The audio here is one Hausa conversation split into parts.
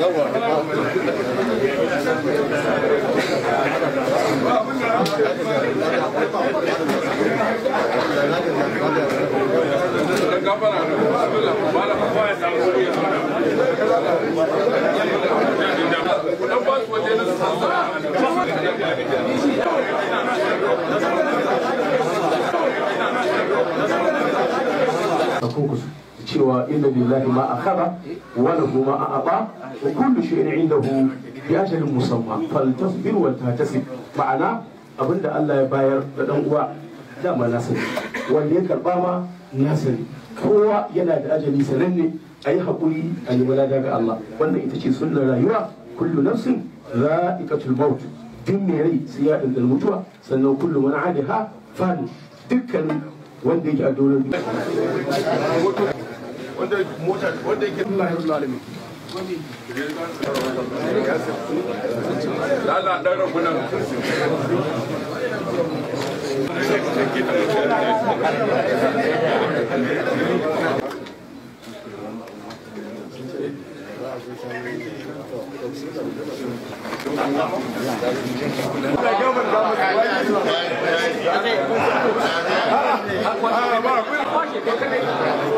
yawa cewa inna lillahi ma akhadha wa lahu ma aba wa kullu shay'in indahu bi ajalin musamma faltasbir wa tahtasib ma'ana abinda Allah ya bayar da dan uwa dama na sani wanda ya karba ma na sani kowa yana da ajali sananne a yi hakuri a yi walada ga Allah wannan ita ce sunnar rayuwa kullu nafsin za'iqatul maut duk mai rai sai ya mutuwa sannan kullu man 'aliha fan dukkanin wanda yake a doron wanda mota wanda yake Allah ya lalimi lala Thank you. Ah,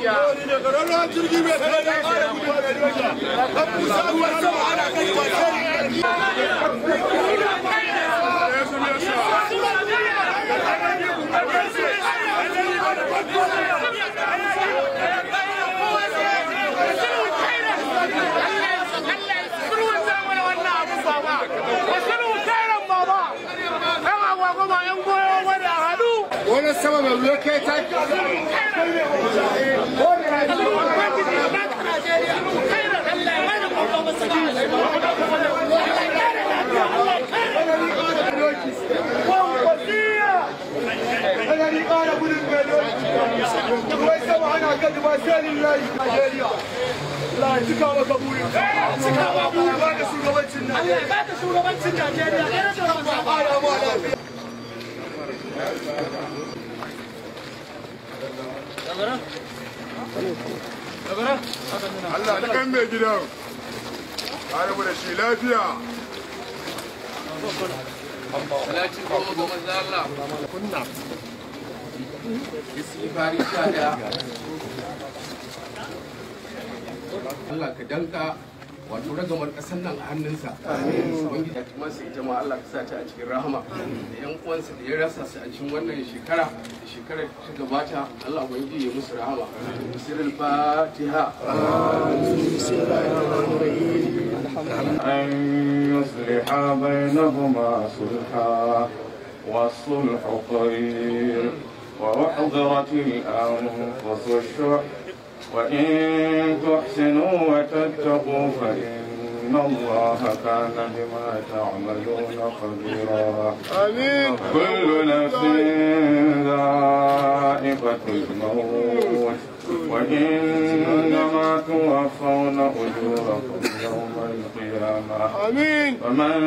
يا Allah ya cika maka buri. Allah ya cika maka buri ba da shugabancin Najeriya. Allah ya ba da shugabancin Najeriya. Ɗaya da shugabancin Najeriya. Allah ta kan mai gidan. Kare mu da shi lafiya. Salatin ko ga manzo Allah. Kunna. Istighfari ta da. Allah ka danka wato ragamar ƙasar nan a hannunsa ubangiji ya masa ita ma Allah ka sa ta a cikin rahama da yan uwansa da ya rasa su a cikin wannan shekara da shekarar ta gabata Allah ya musu rahama sirrul fatiha أن وإن تحسنوا وتتقوا فإن الله كان بما تعملون خبيرا آمين كل نفس ذائقة الموت وإنما توفون أجوركم يوم القيامة آمين فمن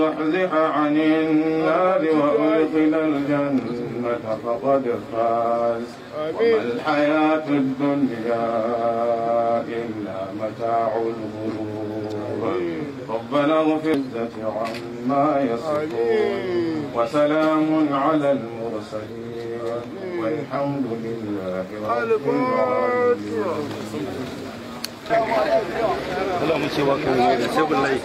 زحزح عن النار وأدخل الجنة الموتى فقد فاز وما الحياة الدنيا إلا متاع الغرور ربنا اغفر العزة عما يصفون وسلام على المرسلين والحمد لله رب العالمين Allah mu ce wa kan yi da sai bullai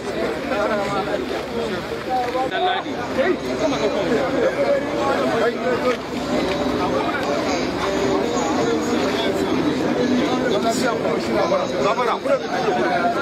Dalladi